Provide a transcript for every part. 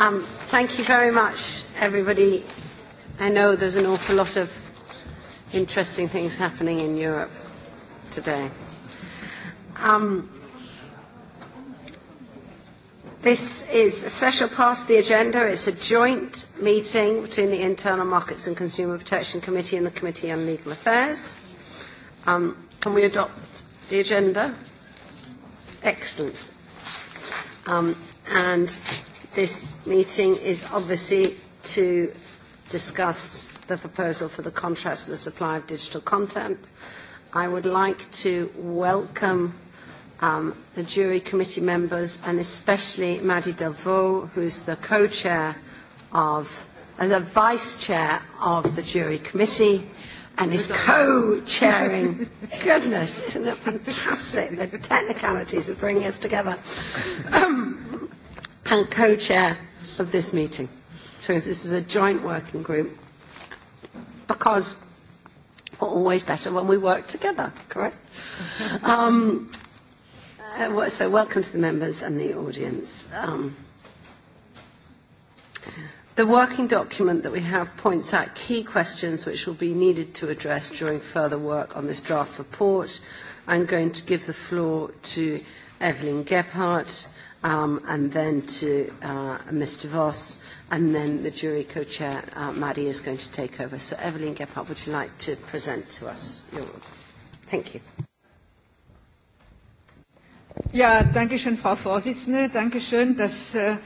Um, thank you very much, everybody. I know there's an awful lot of interesting things happening in Europe today. Um, this is a special part of the agenda. It's a joint meeting between the Internal Markets and Consumer Protection Committee and the Committee on Legal Affairs. Um, can we adopt the agenda? Excellent. Um, and This meeting is obviously to discuss the proposal for the contracts for the supply of digital content. I would like to welcome um, the jury committee members and especially Maddie Delvaux, who's the co-chair of, as a vice chair of the jury committee and is co-chairing. Goodness, isn't it fantastic the technicalities of bringing us together? Um, and co-chair of this meeting. So this is a joint working group because we're always better when we work together, correct? um, uh, so welcome to the members and the audience. Um, the working document that we have points out key questions which will be needed to address during further work on this draft report. I'm going to give the floor to Evelyn Gebhardt, um, and then to uh, Mr. Voss, and then the jury co-chair, uh, Maddie, is going to take over. So Evelyn Gephardt, would you like to present to us your Thank you. Ja, danke schön, Frau Vorsitzende. Danke schön, dass äh,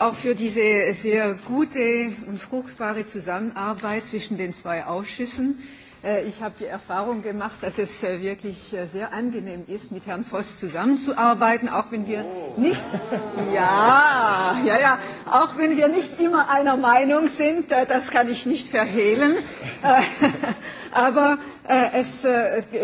auch für diese sehr gute und fruchtbare Zusammenarbeit zwischen den zwei Ausschüssen. Äh, Äh, ich habe die Erfahrung gemacht, dass es äh, wirklich äh, sehr angenehm ist, mit Herrn Voss zusammenzuarbeiten, auch wenn wir oh. nicht, ja, ja, ja, auch wenn wir nicht immer einer Meinung sind, das kann ich nicht verhehlen. Aber es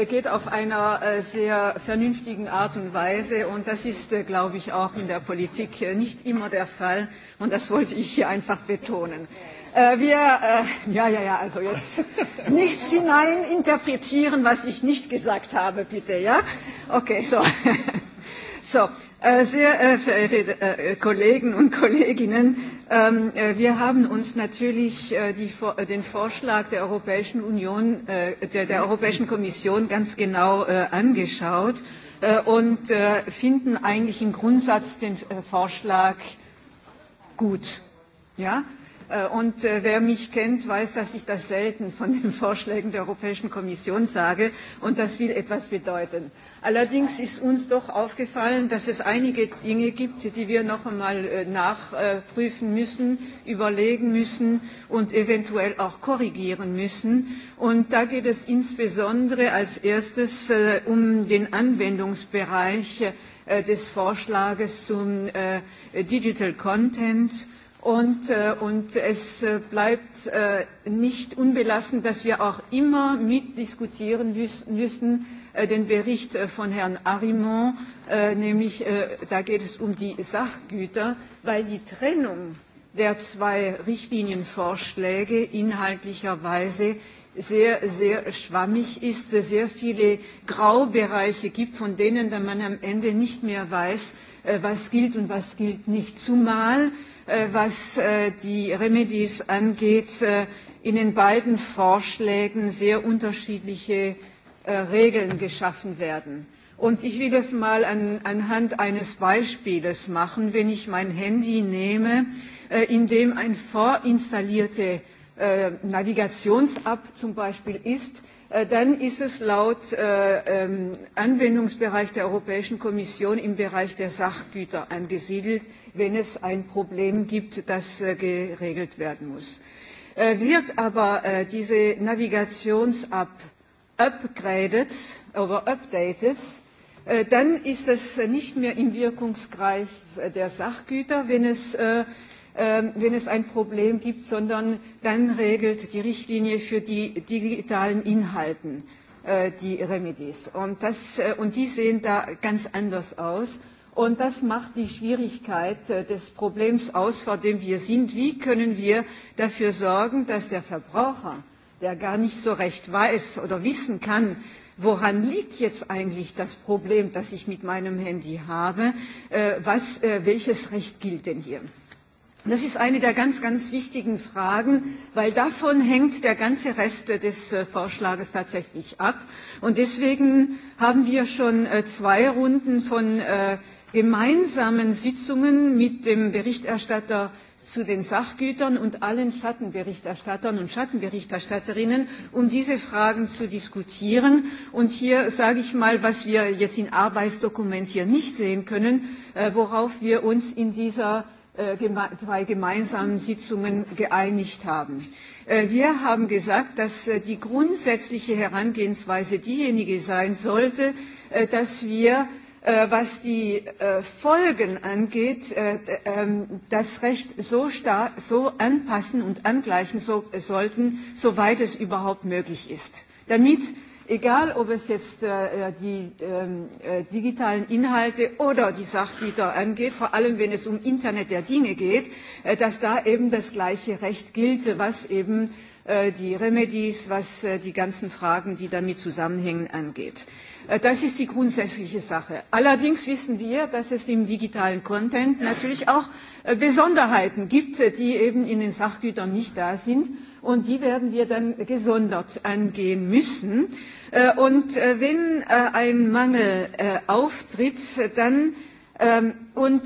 geht auf einer sehr vernünftigen Art und Weise und das ist, glaube ich, auch in der Politik nicht immer der Fall und das wollte ich hier einfach betonen. Ja. Äh, wir, äh, ja, ja, ja, also jetzt nichts hinein interpretieren, was ich nicht gesagt habe, bitte, ja? Okay, so. so. Äh, sehr äh, verehrte äh, Kollegen und Kolleginnen, ähm, äh, wir haben uns natürlich äh, die, äh, den Vorschlag der Europäischen Union, äh, der, der Europäischen Kommission ganz genau äh, angeschaut äh, und äh, finden eigentlich im Grundsatz den äh, Vorschlag gut. Ja? Äh, und äh, wer mich kennt, weiß, dass ich das selten von den Vorschlägen der Europäischen Kommission sage. Und das will etwas bedeuten. Allerdings ist uns doch aufgefallen, dass es einige Dinge gibt, die wir noch einmal äh, nachprüfen müssen, überlegen müssen und eventuell auch korrigieren müssen. Und da geht es insbesondere als erstes um den Anwendungsbereich des Vorschlages zum Digital Content Und, äh, und es äh, bleibt äh, nicht unbelassen, dass wir auch immer mitdiskutieren müssen äh, den Bericht äh, von Herrn Arimont, äh, nämlich äh, da geht es um die Sachgüter, weil die Trennung der zwei Richtlinienvorschläge inhaltlicherweise sehr, sehr schwammig ist, sehr viele Graubereiche gibt, von denen man am Ende nicht mehr weiß, äh, was gilt und was gilt nicht. Zumal äh, Äh, was äh, die Remedies angeht, äh, in den beiden Vorschlägen sehr unterschiedliche Regeln geschaffen werden. Und ich will das mal an, anhand eines Beispieles machen, wenn ich mein Handy nehme, äh, in dem ein vorinstallierte äh, Navigations-App zum Beispiel ist, Äh, dann ist es laut äh, ähm, Anwendungsbereich der Europäischen Kommission im Bereich der Sachgüter angesiedelt, wenn es ein Problem gibt, das äh, geregelt werden muss. Äh, wird aber äh, diese Navigations-App upgraded oder updated, äh, dann ist es nicht mehr im Wirkungskreis der Sachgüter, wenn es äh, Ähm, wenn es ein Problem gibt, sondern dann regelt die Richtlinie für die digitalen Inhalten äh, die Remedies. Und, das, äh, und die sehen da ganz anders aus. Und das macht die Schwierigkeit äh, des Problems aus, vor dem wir sind. Wie können wir dafür sorgen, dass der Verbraucher, der gar nicht so recht weiß oder wissen kann, woran liegt jetzt eigentlich das Problem, das ich mit meinem Handy habe, was, welches Recht gilt denn hier? Das ist eine der ganz, ganz wichtigen Fragen, weil davon hängt der ganze Rest des äh, Vorschlages tatsächlich ab. Und deswegen haben wir schon äh, zwei Runden von äh, gemeinsamen Sitzungen mit dem Berichterstatter zu den Sachgütern und allen Schattenberichterstattern und Schattenberichterstatterinnen, um diese Fragen zu diskutieren. Und hier sage ich mal, was wir jetzt in Arbeitsdokument hier nicht sehen können, äh, worauf wir uns in dieser bei äh, gemeinsamen Sitzungen geeinigt haben. Äh, wir haben gesagt, dass äh, die grundsätzliche Herangehensweise diejenige sein sollte, dass wir, was die Folgen angeht, ähm, das Recht so, stark, so anpassen und angleichen sollten, soweit es überhaupt möglich ist, damit egal ob es jetzt äh, äh die ähm, äh, digitalen Inhalte oder die Sachgüter angeht, vor allem wenn es um Internet der Dinge geht, äh, dass da eben das gleiche Recht gilt, was eben äh, die Remedies, was äh, die ganzen Fragen, die damit zusammenhängen, angeht. Äh, das ist die grundsätzliche Sache. Allerdings wissen wir, dass es im digitalen Content natürlich auch äh, Besonderheiten gibt, äh, die eben in den Sachgütern nicht da sind und die werden wir dann gesondert angehen müssen. Äh, und äh, wenn äh, ein Mangel auftritt, dann ähm, und,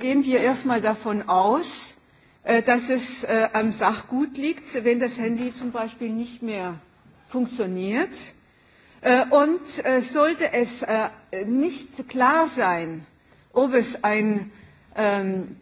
gehen wir erstmal davon aus, dass es am Sachgut liegt, wenn das Handy zum Beispiel nicht mehr funktioniert. Und sollte es nicht klar sein, ob es ein ähm,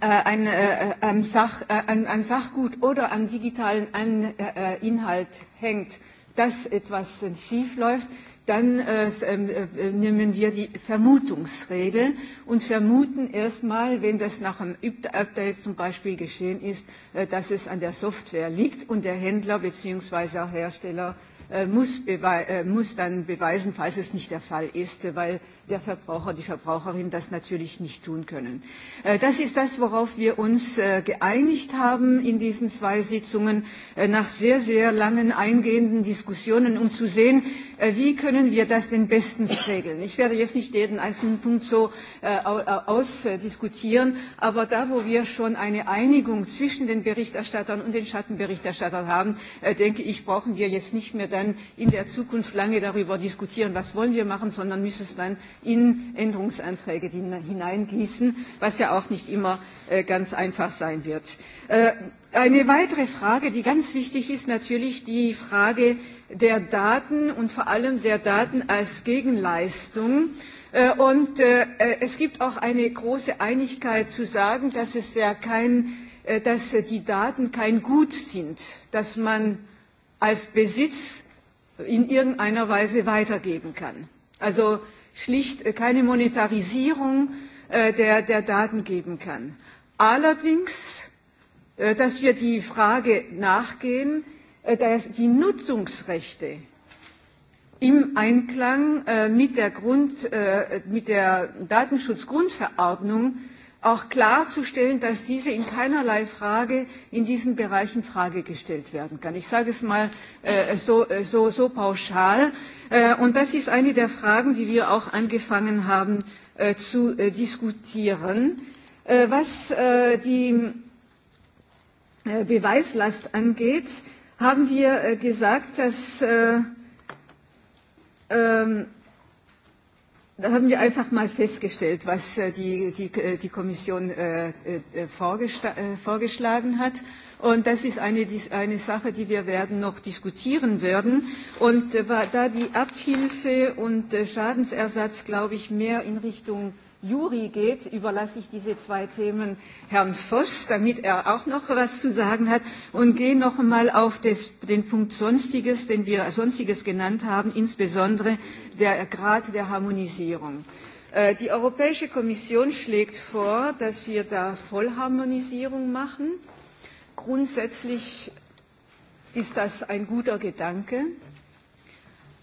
Äh, ein, äh, ein, Sach, äh, ein, ein Sachgut oder am digitalen an, äh, äh Inhalt hängt, dass etwas äh, schief läuft, dann äh, ähm, äh, nehmen wir die Vermutungsregel und vermuten erstmal, wenn das nach einem Update zum Beispiel geschehen ist, äh, dass es an der Software liegt und der Händler bzw. Hersteller äh, Äh, muss, äh, muss dann beweisen, falls es nicht der Fall ist, weil der Verbraucher, die Verbraucherin das natürlich nicht tun können. Äh, das ist das, worauf wir uns geeinigt haben in diesen zwei Sitzungen nach sehr, sehr langen eingehenden Diskussionen, um zu sehen, wie können wir das denn bestens regeln. Ich werde jetzt nicht jeden einzelnen Punkt so ausdiskutieren, aber da, wo wir schon eine Einigung zwischen den Berichterstattern und den Schattenberichterstattern haben, denke ich, brauchen wir jetzt nicht mehr dann in der Zukunft lange darüber diskutieren, was wollen wir machen, sondern müssen es dann in Änderungsanträge hineingießen, was ja auch nicht immer äh, ganz einfach sein wird. Äh, eine weitere Frage, die ganz wichtig ist, natürlich die Frage der Daten und vor allem der Daten als Gegenleistung. Äh, und es gibt auch eine große Einigkeit zu sagen, dass, es ja kein, dass die Daten kein Gut sind, dass man als Besitz in irgendeiner Weise weitergeben kann. Also schlicht äh, keine Monetarisierung äh, der, der Daten geben kann. Allerdings, äh, dass wir die Frage nachgehen, äh, dass die Nutzungsrechte im Einklang äh, mit der, Grund, äh, mit der Datenschutzgrundverordnung äh, auch klarzustellen, dass diese in keinerlei Frage in diesen Bereichen Frage gestellt werden kann. Ich sage es mal äh, so, äh, so, so pauschal. Äh, und das ist eine der Fragen, die wir auch angefangen haben äh, zu äh, diskutieren. Äh, was äh, die äh, Beweislast angeht, haben wir äh, gesagt, dass äh, ähm, Da haben wir einfach mal festgestellt, was äh, die, die, äh, die Kommission äh, vorgeschlagen hat. Und das ist eine, eine Sache, die wir werden noch diskutieren werden. Und da die Abhilfe und Schadensersatz, glaube ich, mehr in Richtung äh, Juri geht, überlasse ich diese zwei Themen Herrn Voss, damit er auch noch was zu sagen hat und gehe noch einmal auf das, den Punkt Sonstiges, den wir Sonstiges genannt haben, insbesondere der Grad der Harmonisierung. Äh, die Europäische Kommission schlägt vor, dass wir da Vollharmonisierung machen. Grundsätzlich ist das ein guter Gedanke.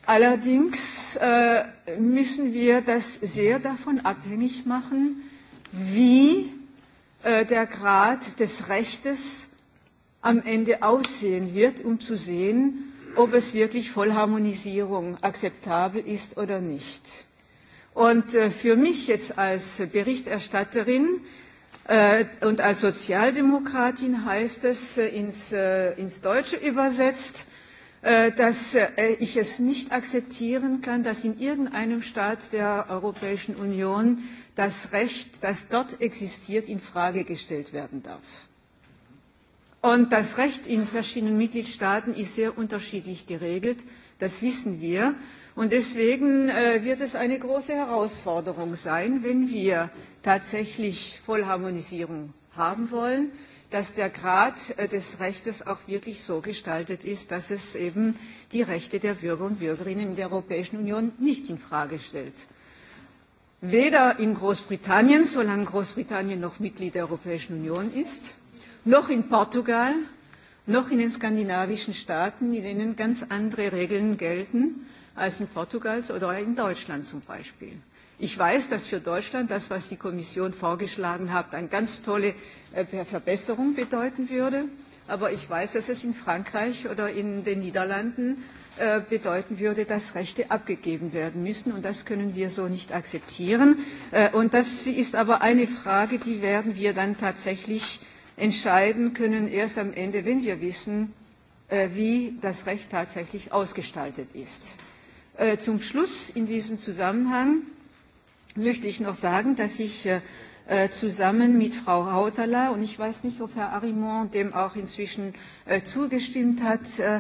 Allerdings äh, müssen wir das sehr davon abhängig machen, wie äh, der Grad des Rechtes am Ende aussehen wird, um zu sehen, ob es wirklich Vollharmonisierung akzeptabel ist oder nicht. Und äh, für mich jetzt als Berichterstatterin äh, und als Sozialdemokratin heißt es äh, ins, äh, ins Deutsche übersetzt, Äh, dass äh, ich es nicht akzeptieren kann, dass in irgendeinem Staat der Europäischen Union das Recht, das dort existiert, in Frage gestellt werden darf. Und das Recht in verschiedenen Mitgliedstaaten ist sehr unterschiedlich geregelt. Das wissen wir. Und deswegen äh, wird es eine große Herausforderung sein, wenn wir tatsächlich Vollharmonisierung haben wollen, dass der Grad äh, des Rechtes auch wirklich so gestaltet ist, dass es eben die Rechte der Bürger und Bürgerinnen in der Europäischen Union nicht infrage stellt. Weder in Großbritannien, solange Großbritannien noch Mitglied der Europäischen Union ist, noch in Portugal, noch in den skandinavischen Staaten, in denen ganz andere Regeln gelten als in Portugal oder in Deutschland zum Beispiel. Ich weiß, dass für Deutschland das, was die Kommission vorgeschlagen hat, eine ganz tolle äh, Verbesserung bedeuten würde. Aber ich weiß, dass es in Frankreich oder in den Niederlanden äh, bedeuten würde, dass Rechte abgegeben werden müssen. Und das können wir so nicht akzeptieren. Äh, und das ist aber eine Frage, die werden wir dann tatsächlich entscheiden können, erst am Ende, wenn wir wissen, wie das Recht tatsächlich ausgestaltet ist. Zum Schluss in diesem Zusammenhang möchte ich noch sagen, dass ich äh, äh, zusammen mit Frau Hautala und ich weiß nicht, ob Herr Arimont dem auch inzwischen äh, zugestimmt hat, äh,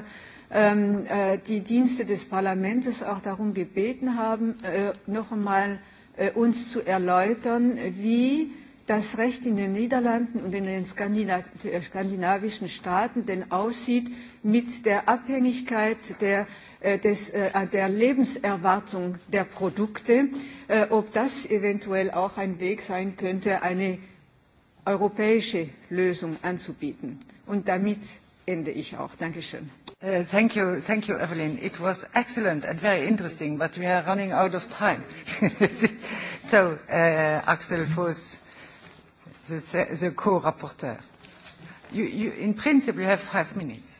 ähm, äh, die Dienste des Parlaments auch darum gebeten haben, äh, noch einmal äh, uns zu erläutern, wie das Recht in den Niederlanden und in den Skandinav äh, skandinavischen Staaten denn aussieht mit der Abhängigkeit der äh, Äh, des, äh, der Lebenserwartung der Produkte, äh, ob das eventuell auch ein Weg sein könnte, eine europäische Lösung anzubieten. Und damit ende ich auch. Dankeschön. Uh, thank you, thank you, Evelyn. It was excellent and very interesting, but we are running out of time. so, uh, Axel Voss, the, the co-rapporteur. You, you, in principle, you have five minutes.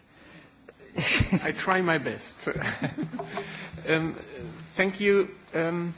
I try my best. um, thank you. Um,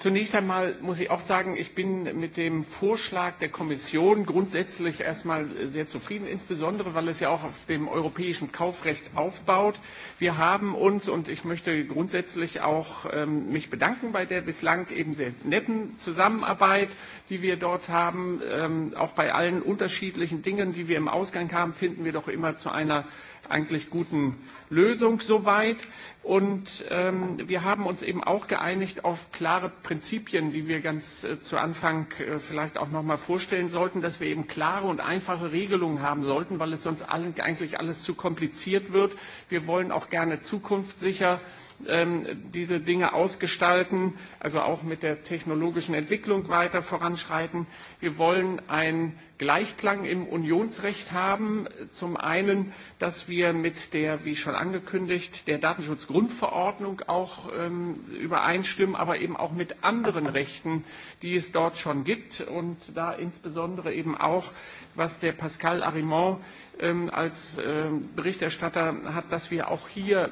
Zunächst einmal muss ich auch sagen, ich bin mit dem Vorschlag der Kommission grundsätzlich erstmal sehr zufrieden, insbesondere weil es ja auch auf dem europäischen Kaufrecht aufbaut. Wir haben uns, und ich möchte grundsätzlich auch ähm, mich bedanken bei der bislang eben sehr netten Zusammenarbeit, die wir dort haben. Ähm, auch bei allen unterschiedlichen Dingen, die wir im Ausgang haben, finden wir doch immer zu einer eigentlich guten Lösung soweit. Und ähm, wir haben uns eben auch geeinigt auf klare Prinzipien, die wir ganz äh, zu Anfang äh, vielleicht auch nochmal vorstellen sollten, dass wir eben klare und einfache Regelungen haben sollten, weil es sonst allen, eigentlich alles zu kompliziert wird. Wir wollen auch gerne zukunftssicher äh, ähm, diese Dinge ausgestalten, also auch mit der technologischen Entwicklung weiter voranschreiten. Wir wollen einen Gleichklang im Unionsrecht haben. Zum einen, dass wir mit der, wie schon angekündigt, der Datenschutzgrundverordnung auch ähm, übereinstimmen, aber eben auch mit anderen Rechten, die es dort schon gibt und da insbesondere eben auch, was der Pascal Arimont ähm, als ähm, Berichterstatter hat, dass wir auch hier,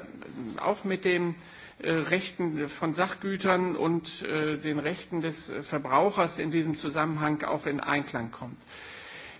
äh, auch mit den äh, Rechten von Sachgütern und äh, den Rechten des äh, Verbrauchers in diesem Zusammenhang auch in Einklang kommt.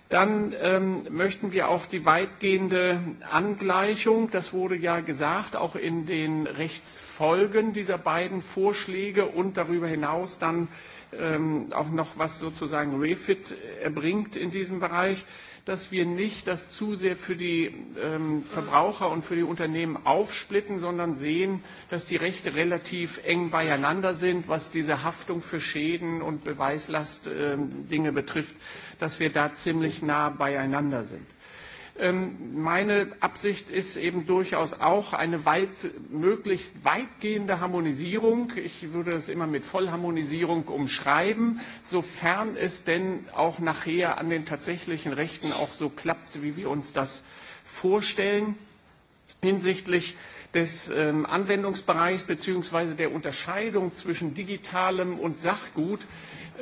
Dann ähm, möchten wir auch die weitgehende Angleichung, das wurde ja gesagt, auch in den Rechtsvorschriften, Folgen dieser beiden Vorschläge und darüber hinaus dann ähm, auch noch was sozusagen Refit äh, erbringt in diesem Bereich, dass wir nicht das zu sehr für die ähm, Verbraucher und für die Unternehmen aufsplitten, sondern sehen, dass die Rechte relativ eng beieinander sind, was diese Haftung für Schäden und Beweislast ähm, Dinge betrifft, dass wir da ziemlich nah beieinander sind. Ähm, meine Absicht ist eben durchaus auch eine weit, möglichst weitgehende Harmonisierung. Ich würde es immer mit Vollharmonisierung umschreiben, sofern es denn auch nachher an den tatsächlichen Rechten auch so klappt, wie wir uns das vorstellen. Hinsichtlich des ähm, Anwendungsbereichs bzw. der Unterscheidung zwischen digitalem und Sachgut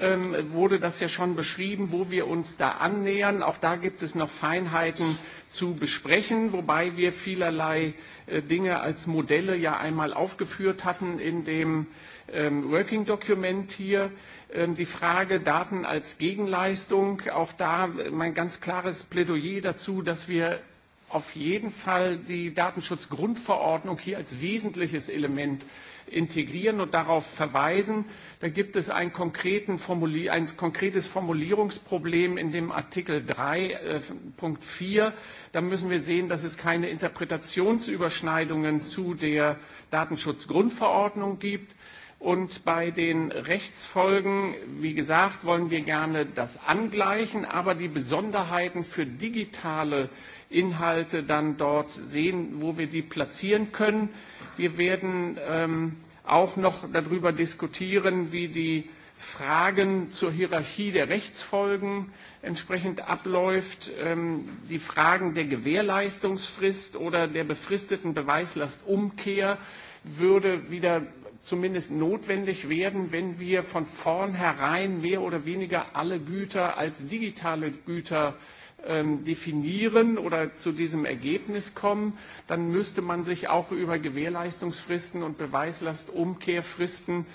ähm, wurde das ja schon beschrieben, wo wir uns da annähern. Auch da gibt es noch Feinheiten zu besprechen, wobei wir vielerlei äh, Dinge als Modelle ja einmal aufgeführt hatten in dem ähm, Working Document hier. Ähm, die Frage Daten als Gegenleistung, auch da äh, mein ganz klares Plädoyer dazu, dass wir auf jeden Fall die Datenschutzgrundverordnung hier als wesentliches Element äh, integrieren und darauf verweisen. Da gibt es ein, konkreten Formulier, ein konkretes Formulierungsproblem in dem Artikel 3, äh, Punkt 4. Da müssen wir sehen, dass es keine Interpretationsüberschneidungen zu der Datenschutzgrundverordnung gibt. Und bei den Rechtsfolgen, wie gesagt, wollen wir gerne das angleichen, aber die Besonderheiten für digitale äh, Inhalte dann dort sehen, wo wir die platzieren können. Wir werden ähm, auch noch darüber diskutieren, wie die Fragen zur Hierarchie der Rechtsfolgen entsprechend abläuft, ähm, die Fragen der Gewährleistungsfrist oder der befristeten Beweislastumkehr würde wieder zumindest notwendig werden, wenn wir von vornherein mehr oder weniger alle Güter als digitale Güter äh, ähm, definieren oder zu diesem Ergebnis kommen, dann müsste man sich auch über Gewährleistungsfristen und Beweislastumkehrfristen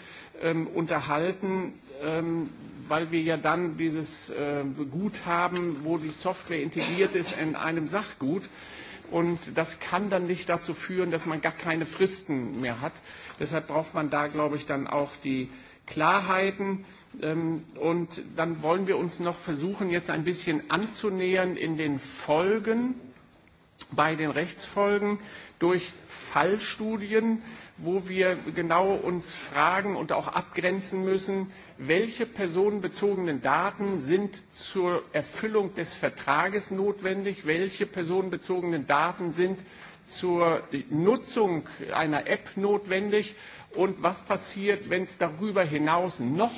ähm, unterhalten, ähm, weil wir ja dann dieses äh, Guthaben, wo die Software integriert ist, in einem Sachgut. Und das kann dann nicht dazu führen, dass man gar keine Fristen mehr hat. Deshalb braucht man da, glaube ich, dann auch die Klarheiten. Äh, Ähm, und dann wollen wir uns noch versuchen, jetzt ein bisschen anzunähern in den Folgen, bei den Rechtsfolgen durch Fallstudien, wo wir genau uns fragen und auch abgrenzen müssen, welche personenbezogenen Daten sind zur Erfüllung des Vertrages notwendig, welche personenbezogenen Daten sind zur Nutzung einer App notwendig und was passiert, wenn es darüber hinaus noch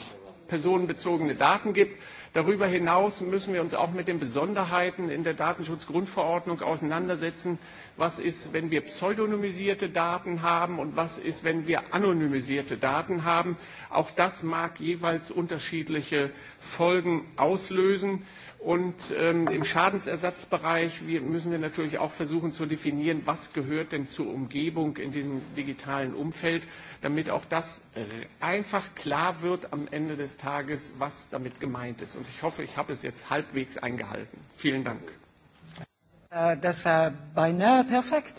personenbezogene Daten gibt. Darüber hinaus müssen wir uns auch mit den Besonderheiten in der Datenschutzgrundverordnung auseinandersetzen. Was ist, wenn wir pseudonymisierte Daten haben und was ist, wenn wir anonymisierte Daten haben? Auch das mag jeweils unterschiedliche Folgen auslösen. Und ähm, im Schadensersatzbereich wir, müssen wir natürlich auch versuchen zu definieren, was gehört denn zur Umgebung in diesem digitalen Umfeld, damit auch das einfach klar wird am Ende des Tages, was damit gemeint ist. Und ich hoffe, ich habe es jetzt halbwegs eingehalten. Vielen Dank. Äh, das war beinahe perfekt.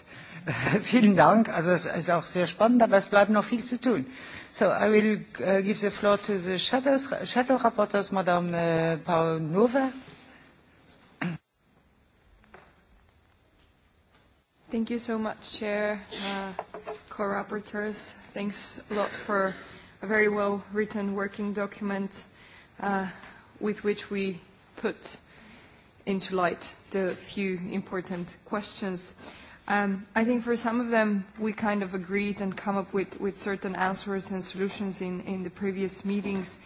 Vielen Dank. Also es ist auch sehr spannend, aber es bleibt noch viel zu tun. So, I will uh, give the floor to the shadows, shadow rapporteurs, Madame uh, äh, Paunova. Thank you so much, Chair, uh, co-rapporteurs. Thanks a lot for a very well-written working document uh, with which we put into light the few important questions. Um, I think for some of them, we kind of agreed and come up with, with certain answers and solutions in, in the previous meetings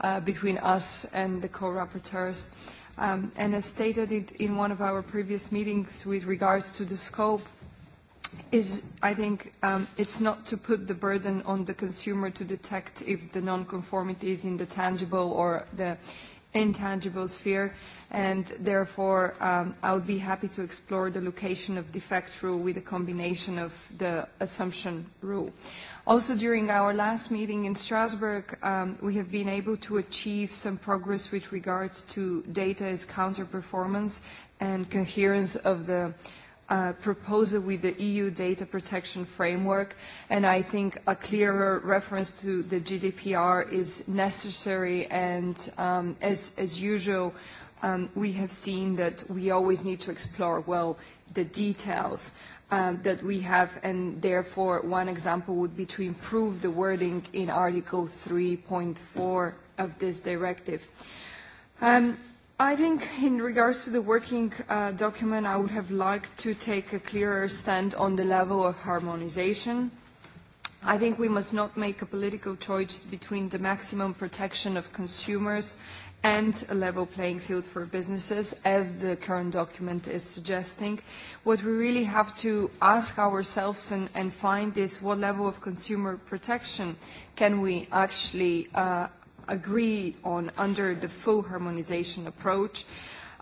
uh, between us and the co-rapporteurs. Um, and as stated in, in one of our previous meetings with regards to the scope, is, I think, um, it's not to put the burden on the consumer to detect if the nonconformity is in the tangible or the intangible sphere, and therefore um, I would be happy to explore the location of defect rule with a combination of the assumption rule. Also, during our last meeting in Strasbourg, um, we have been able to achieve some progress with regards to data as counter-performance and coherence of the uh, uh, proposal with the EU data protection framework, and I think a clearer reference to the GDPR is necessary, and um, as, as usual, um, we have seen that we always need to explore well the details um, that we have, and therefore one example would be to improve the wording in Article 3.4 of this directive. Um, I think in regards to the working uh, document, I would have liked to take a clearer stand on the level of harmonization. I think we must not make a political choice between the maximum protection of consumers and a level playing field for businesses, as the current document is suggesting. What we really have to ask ourselves and, and find is what level of consumer protection can we actually uh, agree on under the full harmonization approach.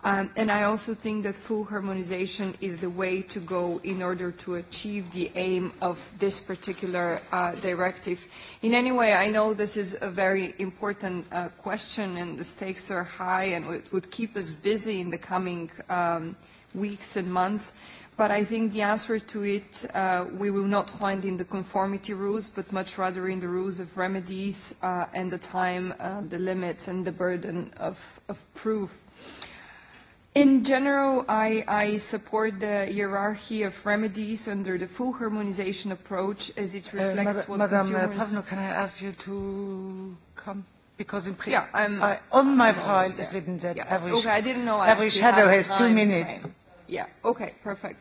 Um, and I also think that full harmonization is the way to go in order to achieve the aim of this particular uh, directive. In any way, I know this is a very important uh, question and the stakes are high and it would keep us busy in the coming um, weeks and months. Uh, But I think the answer to it uh, we will not find in the conformity rules, but much rather in the rules of remedies uh, and the time, uh, the limits, and the burden of, of proof. In general, I, I support the hierarchy of remedies under the full harmonization approach as it uh, reflects uh, what Madame uh, consumers... Madame Pavno, can I ask you to come? Because in pre- yeah, I'm, I, on my I'm file is written that yeah. every, okay, I didn't know I every shadow has two minutes. Time. Yeah. Okay, perfect.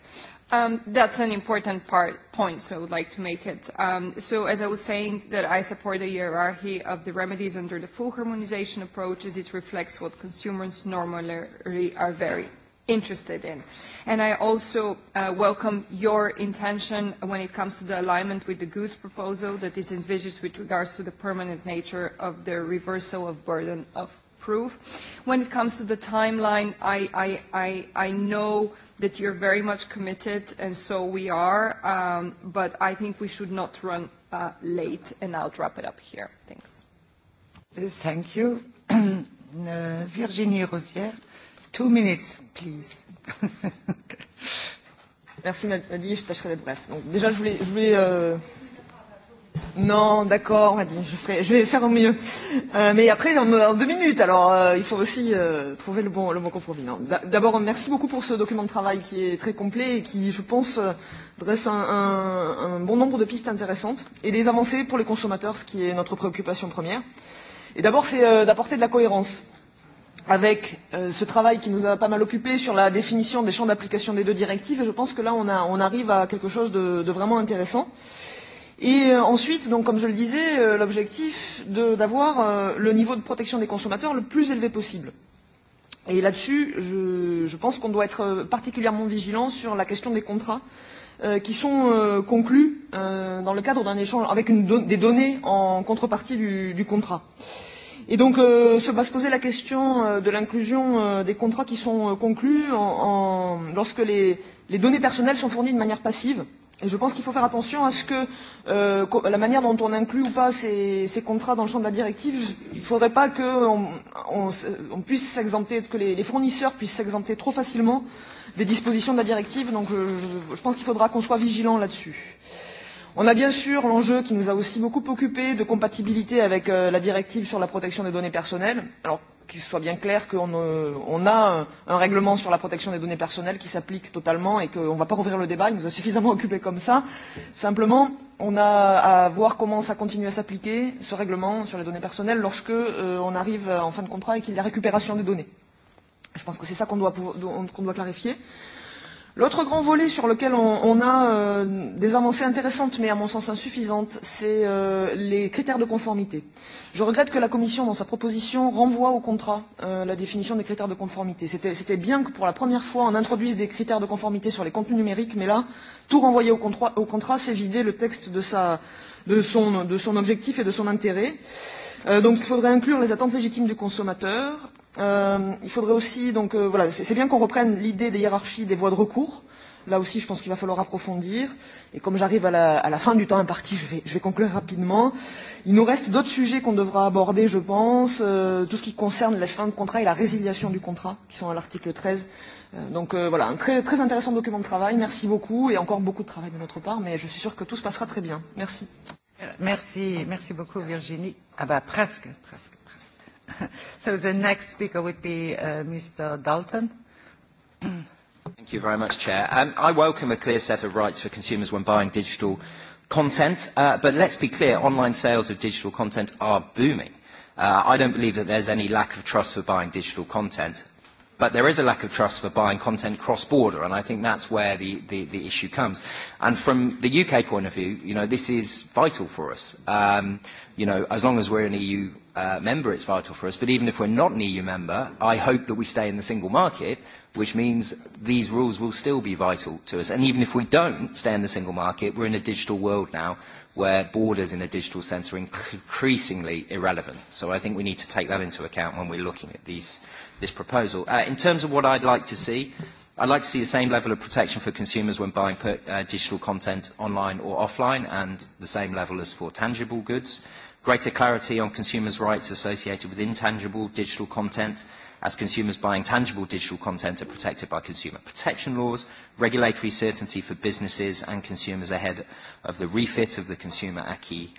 Um, that's an important part, point, so I would like to make it. Um, so as I was saying, that I support the hierarchy of the remedies under the full harmonization approach as it reflects what consumers normally are very interested in. And I also uh, welcome your intention when it comes to the alignment with the goods proposal that is envisaged with regards to the permanent nature of the reversal of burden of proof. When it comes to the timeline, I, I, I, I know that you're very much committed, and so we are, um, but I think we should not run uh, late, and I'll wrap it up here. Thanks. Thank you. uh, Virginie Rosière, two minutes, please. Merci, Nadine. Je tâcherai d'être bref. Donc, déjà, je voulais, je voulais euh, Non, d'accord, je, ferai, je vais faire au mieux. Euh, mais après, en, en deux minutes, alors euh, il faut aussi euh, trouver le bon, le bon compromis. D'abord, merci beaucoup pour ce document de travail qui est très complet et qui, je pense, euh, dresse un, un, un bon nombre de pistes intéressantes et des avancées pour les consommateurs, ce qui est notre préoccupation première. Et d'abord, c'est euh, d'apporter de la cohérence avec euh, ce travail qui nous a pas mal occupé sur la définition des champs d'application des deux directives. Et je pense que là, on, a, on arrive à quelque chose de, de vraiment intéressant. Euh, Et euh, ensuite, donc, comme je le disais, euh, l'objectif d'avoir euh, le niveau de protection des consommateurs le plus élevé possible. Et là-dessus, je, je pense qu'on doit être euh, particulièrement vigilant sur la question des contrats euh, qui sont euh, conclus euh, dans le cadre d'un échange avec une don des données en contrepartie du, du contrat. Euh, Et donc, euh, se, va se poser la question euh, de l'inclusion euh, des contrats qui sont euh, conclus en, en, lorsque les, les données personnelles sont fournies de manière passive. Et je pense qu'il faut faire attention à ce que euh, la manière dont on inclut ou pas ces, ces contrats dans le champ de la directive, il ne faudrait pas qu'on on, on puisse s'exempter, que les, les fournisseurs puissent s'exempter trop facilement des dispositions de la directive. Donc, je, je, je pense qu'il faudra qu'on soit vigilant là-dessus. Euh, On a bien sûr l'enjeu qui nous a aussi beaucoup occupé de compatibilité avec euh, la directive sur la protection des données personnelles. Alors qu'il soit bien clair qu'on euh, on a un règlement sur la protection des données personnelles qui s'applique totalement et qu'on ne va pas rouvrir le débat, il nous a suffisamment occupé comme ça. Simplement, on a à voir comment ça continue à s'appliquer, ce règlement sur les données personnelles, lorsque euh, on arrive en fin de contrat et qu'il y a récupération des données. Je pense que c'est ça qu'on doit, qu'on doit clarifier. Euh, L'autre grand volet sur lequel on, on a euh, des avancées intéressantes, mais à mon sens insuffisantes, c'est euh, les critères de conformité. Je regrette que la Commission, dans sa proposition, renvoie au contrat euh, la définition des critères de conformité. C'était bien que pour la première fois, on introduise des critères de conformité sur les contenus numériques, mais là, tout renvoyer au contrat, au contrat c'est vider le texte de, sa, de, son, de son objectif et de son intérêt. Euh, donc il faudrait inclure les attentes légitimes du consommateur, Euh, il faudrait aussi, donc euh, voilà, c'est bien qu'on reprenne l'idée des hiérarchies des voies de recours. Là aussi, je pense qu'il va falloir approfondir. Et comme j'arrive à la, à la fin du temps imparti, je vais, je vais conclure rapidement. Il nous reste d'autres sujets qu'on devra aborder, je pense, euh, tout ce qui concerne la fin de contrat et la résiliation du contrat, qui sont à l'article 13. Euh, donc euh, voilà, un très, très intéressant document de travail. Merci beaucoup et encore beaucoup de travail de notre part, mais je suis sûre que tout se passera très bien. Merci. Merci, merci beaucoup Virginie. Ah bah presque, presque, presque. so the next speaker would be uh, Mr. Dalton. Thank you very much, Chair. Um, I welcome a clear set of rights for consumers when buying digital content, uh, but let's be clear, online sales of digital content are booming. Uh, I don't believe that there's any lack of trust for buying digital content. But there is a lack of trust for buying content cross-border, and I think that's where the, the, the issue comes. And from the UK point of view, you know, this is vital for us. Um, you know, as long as we're an EU uh, member, it's vital for us. But even if we're not an EU member, I hope that we stay in the single market, which means these rules will still be vital to us. And even if we don't stay in the single market, we're in a digital world now where borders in a digital sense are increasingly irrelevant. So I think we need to take that into account when we're looking at these this proposal. Uh, in terms of what I'd like to see, I'd like to see the same level of protection for consumers when buying per, uh, digital content online or offline and the same level as for tangible goods. Greater clarity on consumers' rights associated with intangible digital content as consumers buying tangible digital content are protected by consumer protection laws, regulatory certainty for businesses and consumers ahead of the refit of the Consumer Acquis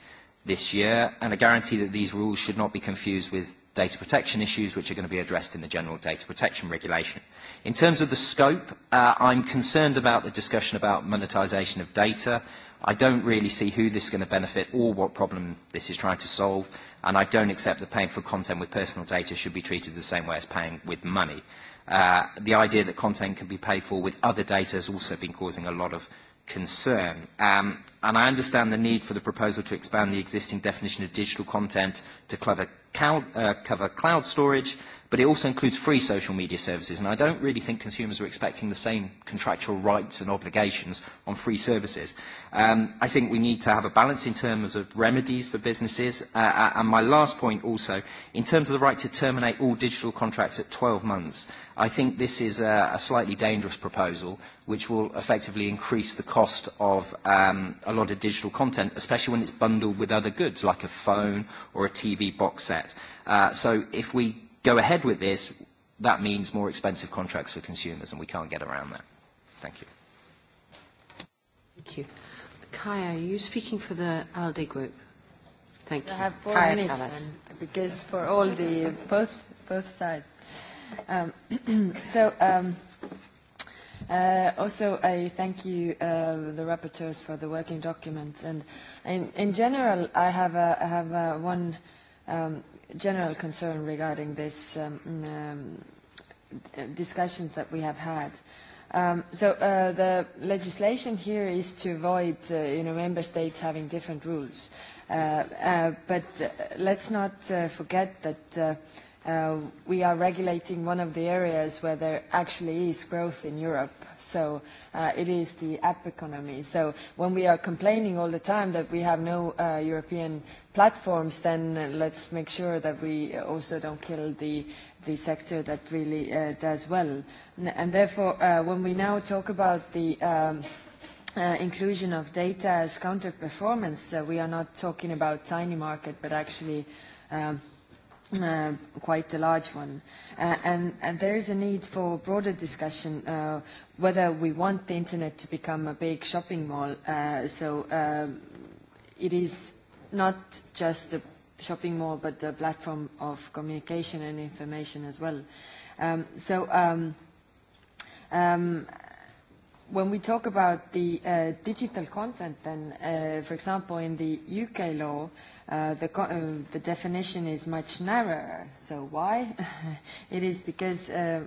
this year, and a guarantee that these rules should not be confused with data protection issues, which are going to be addressed in the General Data Protection Regulation. In terms of the scope, uh, I'm concerned about the discussion about monetization of data. I don't really see who this is going to benefit or what problem this is trying to solve, and I don't accept that paying for content with personal data should be treated the same way as paying with money. Uh, the idea that content can be paid for with other data has also been causing a lot of concern. Um, and I understand the need for the proposal to expand the existing definition of digital content to cover, count, uh, cover cloud storage but it also includes free social media services, and I don't really think consumers are expecting the same contractual rights and obligations on free services. Um, I think we need to have a balance in terms of remedies for businesses, uh, uh and my last point also, in terms of the right to terminate all digital contracts at 12 months, I think this is a, a slightly dangerous proposal, which will effectively increase the cost of um, a lot of digital content, especially when it's bundled with other goods, like a phone or a TV box set. Uh, so if we go ahead with this, that means more expensive contracts for consumers, and we can't get around that. Thank you. Thank you. Kaya, are you speaking for the ALDE group? Thank you. I have four Kaya minutes Callas. then, because for all the both both sides. Um, so. Um, Uh, also, I thank you, uh, the rapporteurs, for the working documents. And in, in general, I have, a, I have a one um, general concern regarding this um, mm, um, discussions that we have had. Um, so uh, the legislation here is to avoid, uh, you know, member states having different rules. Uh, uh, but uh, let's not uh, forget that uh, uh, we are regulating one of the areas where there actually is growth in Europe. So uh, it is the app economy. So when we are complaining all the time that we have no uh, European platforms, then uh, let's make sure that we also don't kill the, the sector that really uh, does well. And therefore, uh, when we now talk about the um, Uh, inclusion of data as counter performance, uh, we are not talking about tiny market, but actually um, uh, quite a large one. Uh, and, and there is a need for broader discussion uh, whether we want the internet to become a big shopping mall. Uh, so um, it is not just a shopping mall, but a platform of communication and information as well. Um, so um, um, when we talk about the uh, digital content, then, uh, for example, in the UK law, uh, Uh, the, uh, the definition is much narrower. So why? it is because uh,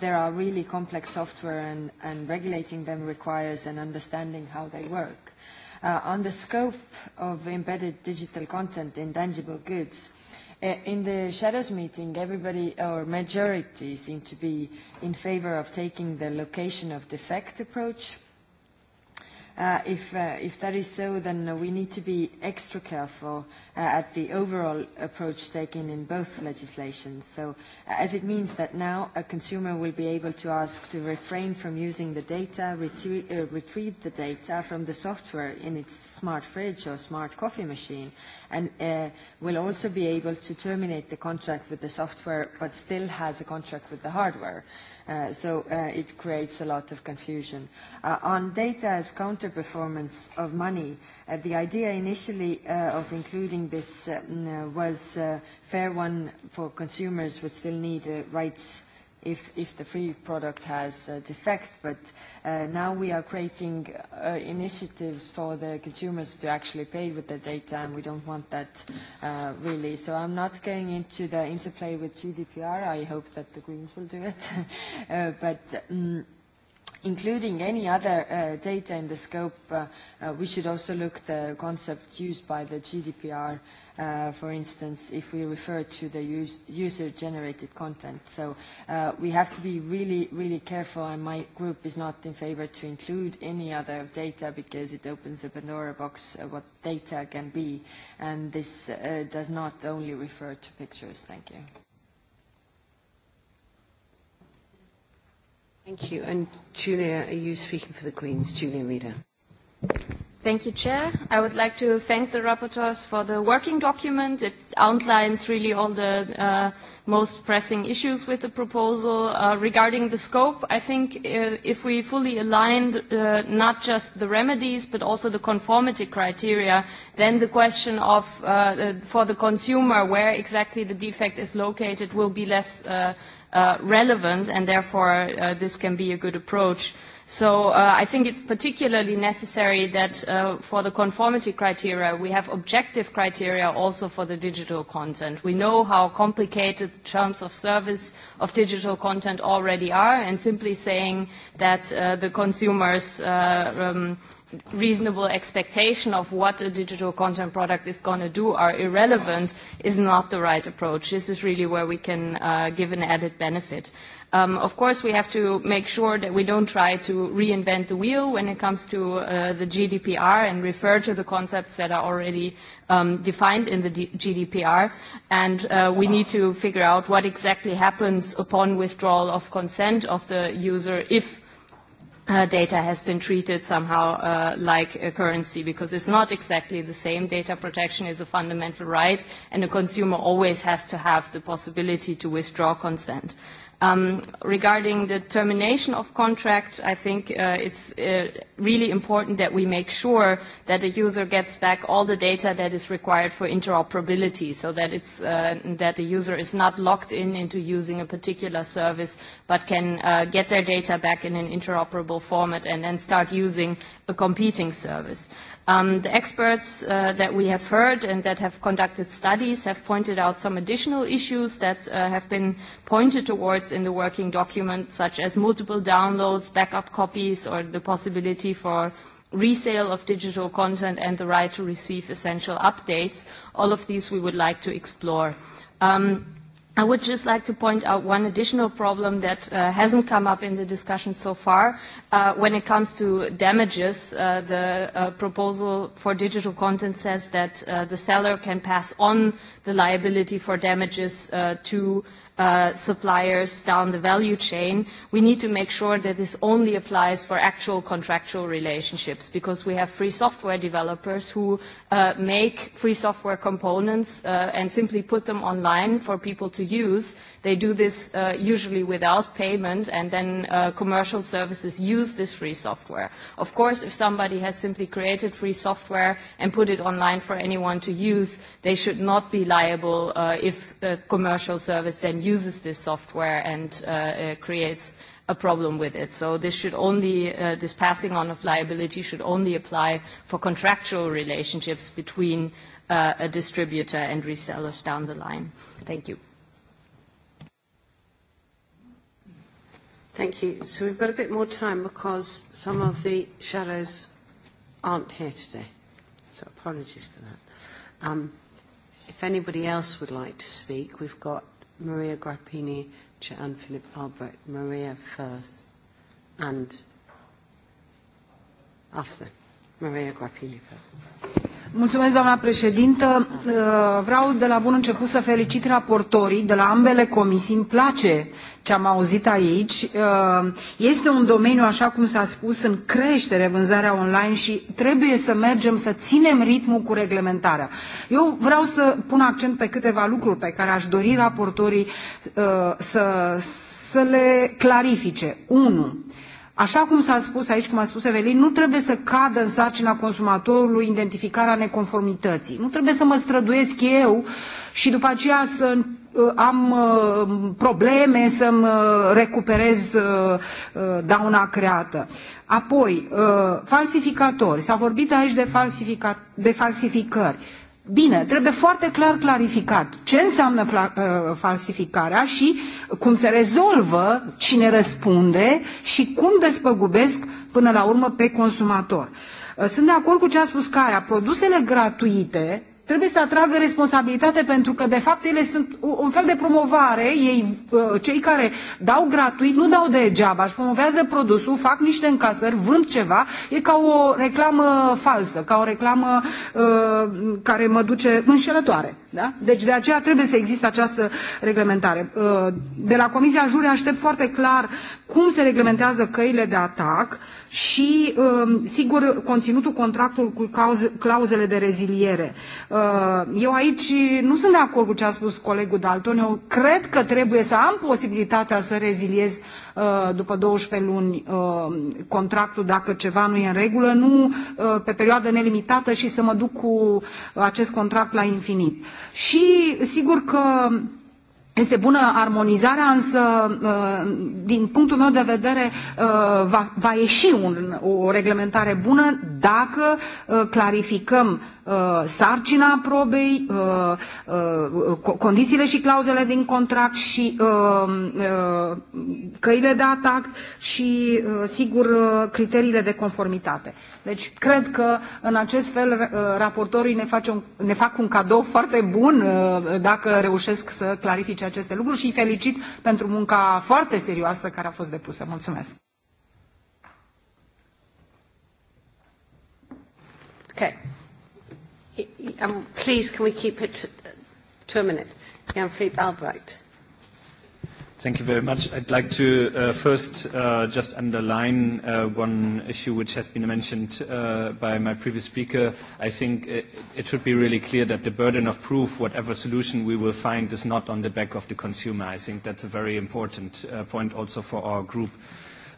there are really complex software and, and regulating them requires an understanding how they work. Uh, on the scope of embedded digital content in tangible goods, uh, in the shadows meeting, everybody or majority seemed to be in favor of taking the location of defect approach Uh, if, uh, if that is so, then we need to be extra careful uh, at the overall approach taken in both legislations. So, uh, as it means that now a consumer will be able to ask to refrain from using the data, retrieve, uh, retrieve the data from the software in its smart fridge or smart coffee machine, and uh, will also be able to terminate the contract with the software, but still has a contract with the hardware. Uh, so uh, it creates a lot of confusion. Uh, on data as counter-performance of money, uh, the idea initially uh, of including this uh, was a uh, fair one for consumers who still need a uh, rights uh, if, if the free product has a defect. But uh, now we are creating uh, initiatives for the consumers to actually pay with the data, and we don't want that uh, really. So I'm not going into the interplay with GDPR. I hope that the Greens will do it. uh, but um, including any other uh, data in the scope, uh, uh, we should also look the concept used by the GDPR uh, uh, for instance, if we refer to the us user-generated content. So uh, we have to be really, really careful, and my group is not in favor to include any other data because it opens a Pandora box uh, what data can be, and this uh, does not only refer to pictures. Thank you. Thank you. And Julia, are you speaking for the Greens? Julia Reader. Thank you, Chair. I would like to thank the rapporteurs for the working document. It outlines really all the uh, most pressing issues with the proposal. Uh, regarding the scope, I think uh, if we fully align uh, not just the remedies but also the conformity criteria, then the question of uh, uh for the consumer where exactly the defect is located will be less uh, uh, relevant and therefore uh, this can be a good approach. Uh, So uh, I think it's particularly necessary that uh, for the conformity criteria, we have objective criteria also for the digital content. We know how complicated the terms of service of digital content already are, and simply saying that uh, the consumers uh, um, reasonable expectation of what a digital content product is going to do are irrelevant is not the right approach. This is really where we can uh, give an added benefit. Um, of course, we have to make sure that we don't try to reinvent the wheel when it comes to uh, the GDPR and refer to the concepts that are already um, defined in the D GDPR. And uh, we need to figure out what exactly happens upon withdrawal of consent of the user if uh, data has been treated somehow uh, like a currency because it's not exactly the same. Data protection is a fundamental right and a consumer always has to have the possibility to withdraw consent. Uh, Um, regarding the termination of contract, I think uh, it's uh, really important that we make sure that the user gets back all the data that is required for interoperability, so that, it's, uh, that the user is not locked in into using a particular service, but can uh, get their data back in an interoperable format and then start using a competing service. Uh, Um, the experts uh, that we have heard and that have conducted studies have pointed out some additional issues that uh, have been pointed towards in the working document, such as multiple downloads, backup copies, or the possibility for resale of digital content and the right to receive essential updates. All of these we would like to explore. Um, I would just like to point out one additional problem that uh, hasn't come up in the discussion so far. Uh, when it comes to damages, uh, the uh, proposal for digital content says that uh, the seller can pass on the liability for damages uh, to uh, uh, suppliers down the value chain, we need to make sure that this only applies for actual contractual relationships because we have free software developers who uh, make free software components uh, and simply put them online for people to use. They do this uh, usually without payment and then uh, commercial services use this free software. Of course, if somebody has simply created free software and put it online for anyone to use, they should not be liable uh, if the commercial service then uses this software and uh, uh, creates a problem with it. So this should only, uh, this passing on of liability should only apply for contractual relationships between uh, a distributor and resellers down the line. Thank you. Thank you. So we've got a bit more time because some of the shadows aren't here today. So apologies for that. Um, if anybody else would like to speak, we've got Maria Grappini and Philip Albrecht. Maria first and after. Mulțumesc, doamna președintă. Uh, vreau de la bun început să felicit raportorii de la ambele comisii. Îmi place ce am auzit aici. Uh, este un domeniu, așa cum s-a spus, în creștere vânzarea online și trebuie să mergem să ținem ritmul cu reglementarea. Eu vreau să pun accent pe câteva lucruri pe care aș dori raportorii uh, să, să le clarifice. 1 Așa cum s-a spus aici, cum a spus Evelin, nu trebuie să cadă în sarcina consumatorului identificarea neconformității. Nu trebuie să mă străduiesc eu și după aceea să uh, am uh, probleme să-mi uh, recuperez dauna creată. Apoi, falsificatori. S-a vorbit aici de, falsifica, de falsificări Bine, trebuie foarte clar clarificat ce înseamnă uh, falsificarea și cum se rezolvă, cine răspunde și cum despăgubesc până la urmă pe consumator. Uh, sunt de acord cu ce a spus Caia. Produsele gratuite trebuie să atragă responsabilitate pentru că, de fapt, ele sunt un fel de promovare. Ei, uh, cei care dau gratuit, nu dau degeaba, își promovează produsul, fac niște încasări, vând ceva. E ca o reclamă falsă, ca o reclamă uh, care mă duce înșelătoare. Da? Deci de aceea trebuie să existe această reglementare. Uh, de la Comisia Jure aștept foarte clar cum se reglementează căile de atac și, um, sigur, conținutul contractului cu clauzele de reziliere. Uh, eu aici nu sunt de acord cu ce a spus colegul Dalton. Eu cred că trebuie să am posibilitatea să reziliez uh, după 12 luni contractul dacă ceva nu e în regulă, nu pe perioadă nelimitată și să mă duc cu acest contract la infinit. Și sigur că este bună armonizarea, însă, uh, din punctul meu de vedere, uh, va, va ieși un, o reglementare bună dacă uh, clarificăm Uh, sarcina probei, uh, uh, condițiile și clauzele din contract și căile de atac și, sigur, criteriile de conformitate. Deci, cred că în acest fel raportorii ne, face un, ne fac un cadou foarte bun dacă reușesc să clarifice aceste lucruri și îi felicit pentru munca foarte serioasă care a fost depusă. Mulțumesc! Okay um, please, can we keep it to a minute? Jan Philippe Albrecht. Thank you very much. I'd like to uh, first uh, just underline uh, one issue which has been mentioned uh, by my previous speaker. I think it, it should be really clear that the burden of proof, whatever solution we will find, is not on the back of the consumer. I think that's a very important uh, point also for our group.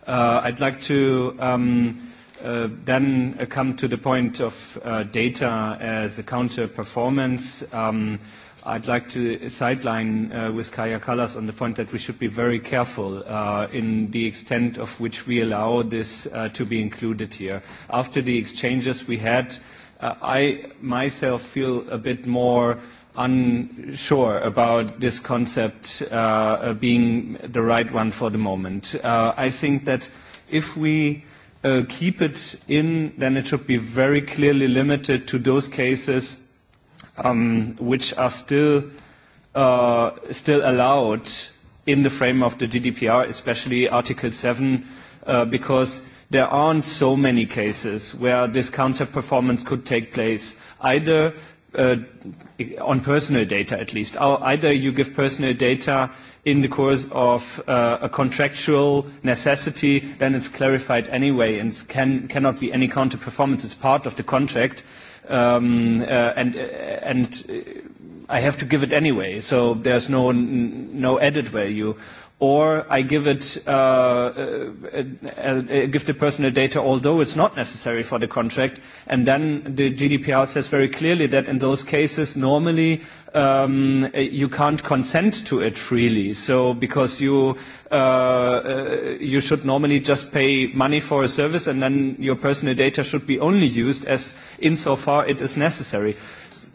Uh, I'd like to um, Uh, then uh, come to the point of uh, data as a counter-performance. Um, I'd like to sideline uh, with Kaya Kallas on the point that we should be very careful uh, in the extent of which we allow this uh, to be included here. After the exchanges we had, uh, I myself feel a bit more unsure about this concept uh, being the right one for the moment. Uh, I think that if we uh, uh, keep it in, then it should be very clearly limited to those cases um, which are still uh, still allowed in the frame of the GDPR, especially Article 7, uh, because there aren't so many cases where this counter-performance could take place, either uh, on personal data at least. Either you give personal data in the course of uh, a contractual necessity, then it's clarified anyway and can, cannot be any counter-performance. It's part of the contract. Um, uh, and, uh, and uh, I have to give it anyway, so there's no, no added value or I give it uh, uh, uh, uh, give the person the data, although it's not necessary for the contract. And then the GDPR says very clearly that in those cases, normally um, you can't consent to it freely. So because you uh, uh, you should normally just pay money for a service, and then your personal data should be only used as insofar it is necessary. Uh,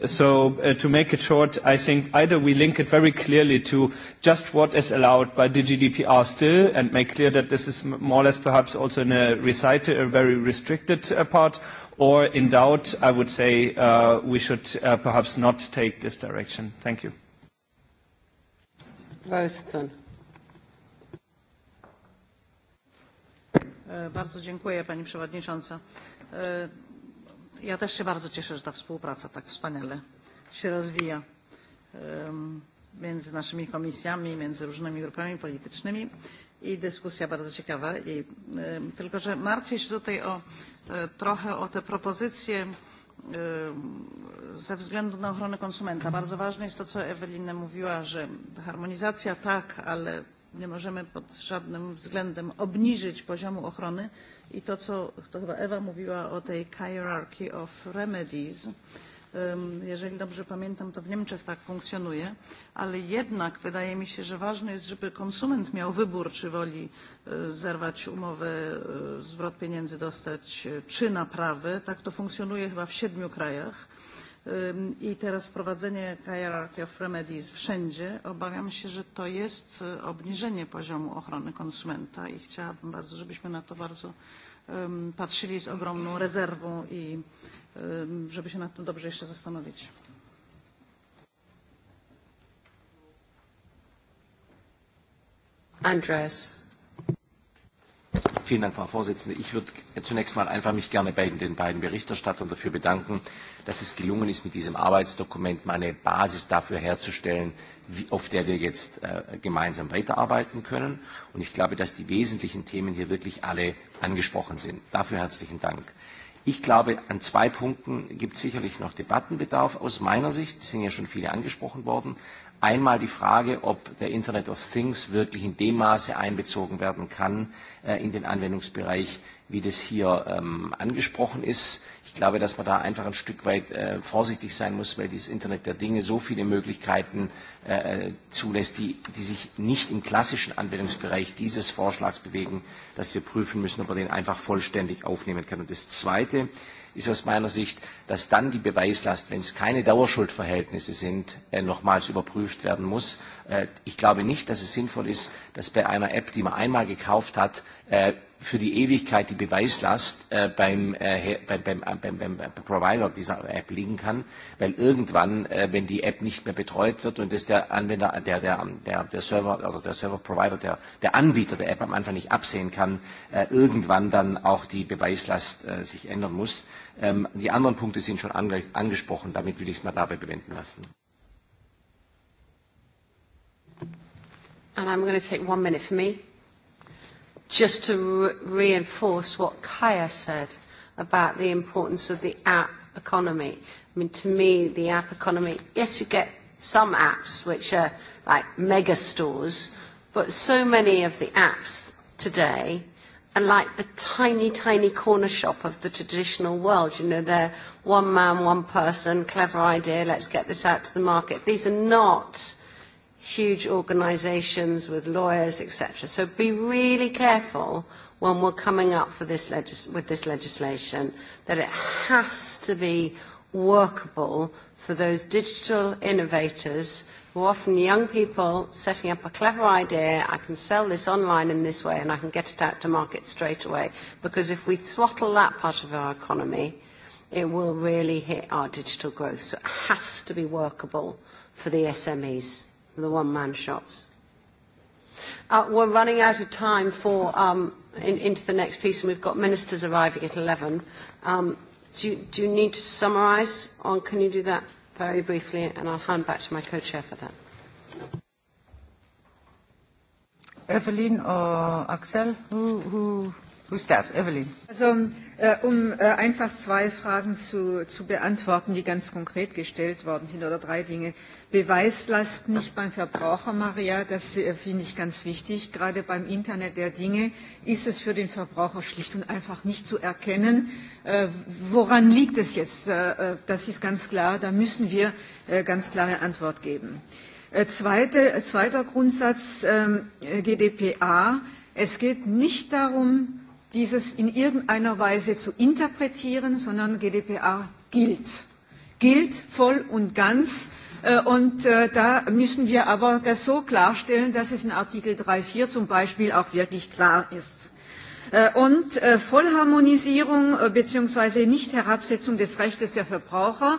So uh, to make it short, I think either we link it very clearly to just what is allowed by the GDPR still and make clear that this is more or less perhaps also in a recital, a very restricted uh, part, or in doubt, I would say uh, we should uh, perhaps not take this direction. Thank you. Royston. E, bardzo dziękuję Pani Przewodnicząca. E, ja też się bardzo cieszę, że ta współpraca tak wspaniale się rozwija między naszymi komisjami, między różnymi grupami politycznymi i dyskusja bardzo ciekawa. I, tylko, że martwię się tutaj o, e, trochę o te propozycje ze względu na ochronę konsumenta. Bardzo ważne jest to, co Ewelina mówiła, że harmonizacja tak, ale nie możemy pod żadnym względem obniżyć poziomu ochrony i to, co to chyba Ewa mówiła o tej hierarchy of remedies, jeżeli dobrze pamiętam, to w Niemczech tak funkcjonuje, ale jednak wydaje mi się, że ważne jest, żeby konsument miał wybór, czy woli zerwać umowę, zwrot pieniędzy dostać, czy naprawę. Tak to funkcjonuje chyba w siedmiu krajach i teraz wprowadzenie hierarchy of remedies wszędzie, obawiam się, że to jest obniżenie poziomu ochrony konsumenta i chciałabym bardzo, żebyśmy na to bardzo um, patrzyli z ogromną rezerwą i um, żeby się nad tym dobrze jeszcze zastanowić. Andreas. Vielen Dank, Frau Vorsitzende. Ich würde zunächst mal einfach mich gerne bei den beiden Berichterstattern dafür bedanken, dass es gelungen ist, mit diesem Arbeitsdokument meine Basis dafür herzustellen, wie, auf der wir jetzt äh, gemeinsam weiterarbeiten können. Und ich glaube, dass die wesentlichen Themen hier wirklich alle angesprochen sind. Dafür herzlichen Dank. Ich glaube, an zwei Punkten gibt es sicherlich noch Debattenbedarf aus meiner Sicht. Es sind ja schon viele angesprochen worden. Einmal die Frage, ob der Internet of Things wirklich in dem Maße einbezogen werden kann äh, in den Anwendungsbereich, wie das hier ähm, angesprochen ist. Ich glaube, dass man da einfach ein Stück weit äh, vorsichtig sein muss, weil dieses Internet der Dinge so viele Möglichkeiten äh, zulässt, die, die sich nicht im klassischen Anwendungsbereich dieses Vorschlags bewegen, dass wir prüfen müssen, ob man den einfach vollständig aufnehmen kann. Und das Zweite, äh, ist aus meiner Sicht, dass dann die Beweislast, wenn es keine Dauerschuldverhältnisse sind, äh, nochmals überprüft werden muss. Äh, ich glaube nicht, dass es sinnvoll ist, dass bei einer App, die man einmal gekauft hat, äh, für die Ewigkeit die Beweislast äh, beim, äh, beim, äh, beim, beim, beim Provider dieser App liegen kann, weil irgendwann, äh, wenn die App nicht mehr betreut wird und das der Anwender, der, der, der, der Server oder der Server-Provider, der, der Anbieter der App am Anfang nicht absehen kann, äh, irgendwann dann auch die Beweislast äh, sich ändern muss. Ähm, die anderen Punkte sind schon ange angesprochen, damit will ich es mal dabei bewenden lassen. And I'm going to take one minute for me just to re reinforce what Kaya said about the importance of the app economy. I mean, to me, the app economy, yes, you get some apps which are like mega stores, but so many of the apps today are like the tiny, tiny corner shop of the traditional world. You know, they're one man, one person, clever idea, let's get this out to the market. These are not huge organisations with lawyers, etc. So be really careful when we're coming up for this legis- with this legislation that it has to be workable for those digital innovators who are often young people setting up a clever idea, I can sell this online in this way and I can get it out to market straight away. Because if we throttle that part of our economy, it will really hit our digital growth. So it has to be workable for the SMEs the one-man shops. Uh, we're running out of time for um, in, into the next piece, and we've got ministers arriving at 11. Um, do, you, do you need to summarise, or can you do that very briefly, and I'll hand back to my co-chair for that. Evelyn or Axel, who, who, who starts? Evelyn. Also, um, Äh, um äh, einfach zwei Fragen zu, zu beantworten, die ganz konkret gestellt worden sind, oder drei Dinge. Beweislast nicht beim Verbraucher, Maria, das äh, finde ich ganz wichtig. Gerade beim Internet der Dinge ist es für den Verbraucher schlicht und einfach nicht zu erkennen, äh, woran liegt es jetzt. Äh, äh das ist ganz klar, da müssen wir äh, ganz klare Antwort geben. Äh, zweite, äh, zweiter Grundsatz ähm, äh, GDPR. Es geht nicht darum, dieses in irgendeiner Weise zu interpretieren, sondern GDPR gilt. Gilt voll und ganz. Äh, und äh, da müssen wir aber das so klarstellen, dass es in Artikel 3.4 zum Beispiel auch wirklich klar ist. Äh, und äh, Vollharmonisierung äh, bzw. Nichterabsetzung des Rechts der Verbraucher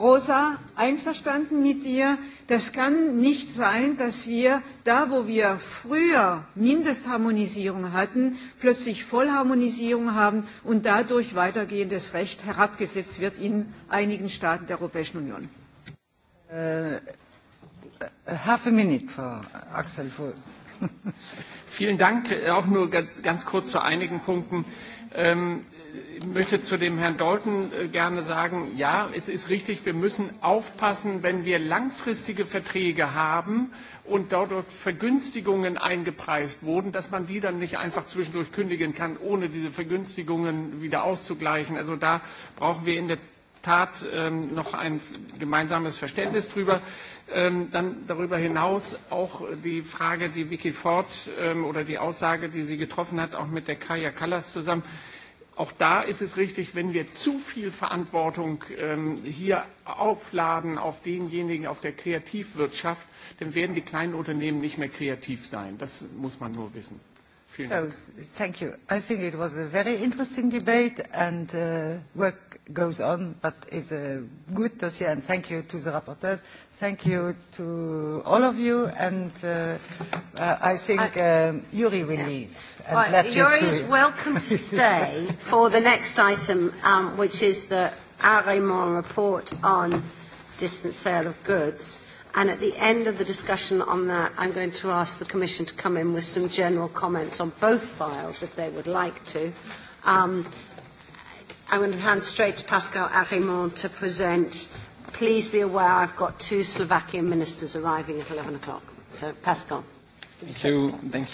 Rosa, einverstanden mit dir. Das kann nicht sein, dass wir da, wo wir früher Mindestharmonisierung hatten, plötzlich Vollharmonisierung haben und dadurch weitergehendes Recht herabgesetzt wird in einigen Staaten der Europäischen Union. Äh, äh half a minute for Axel Voss. Vielen Dank. Auch nur ganz kurz zu einigen Punkten. Ähm, ich möchte zu dem Herrn Dalton äh, gerne sagen, ja, es ist richtig, wir müssen aufpassen, wenn wir langfristige Verträge haben und dort Vergünstigungen eingepreist wurden, dass man die dann nicht einfach zwischendurch kündigen kann, ohne diese Vergünstigungen wieder auszugleichen. Also da brauchen wir in der Tat ähm, noch ein gemeinsames Verständnis drüber. Ähm, dann darüber hinaus auch die Frage, die Vicky Ford ähm, oder die Aussage, die sie getroffen hat, auch mit der Kaya Kallas zusammen. Äh, Auch da ist es richtig, wenn wir zu viel Verantwortung ähm, hier aufladen auf denjenigen, auf der Kreativwirtschaft, dann werden die kleinen Unternehmen nicht mehr kreativ sein. Das muss man nur wissen. So, thank you. I think it was a very interesting debate and uh, work goes on, but it's a good dossier and thank you to the rapporteurs. Thank you to all of you and uh, uh, I think I, um, Yuri will yeah. leave. And well, let Yuri is welcome to stay for the next item, um, which is the Arremont report on distance sale of goods. And at the end of the discussion on that, I'm going to ask the Commission to come in with some general comments on both files, if they would like to. Um, I'm going to hand straight to Pascal Arimont to present. Please be aware I've got two Slovakian ministers arriving at 11 o'clock. So, Pascal. Thank you. Thank you.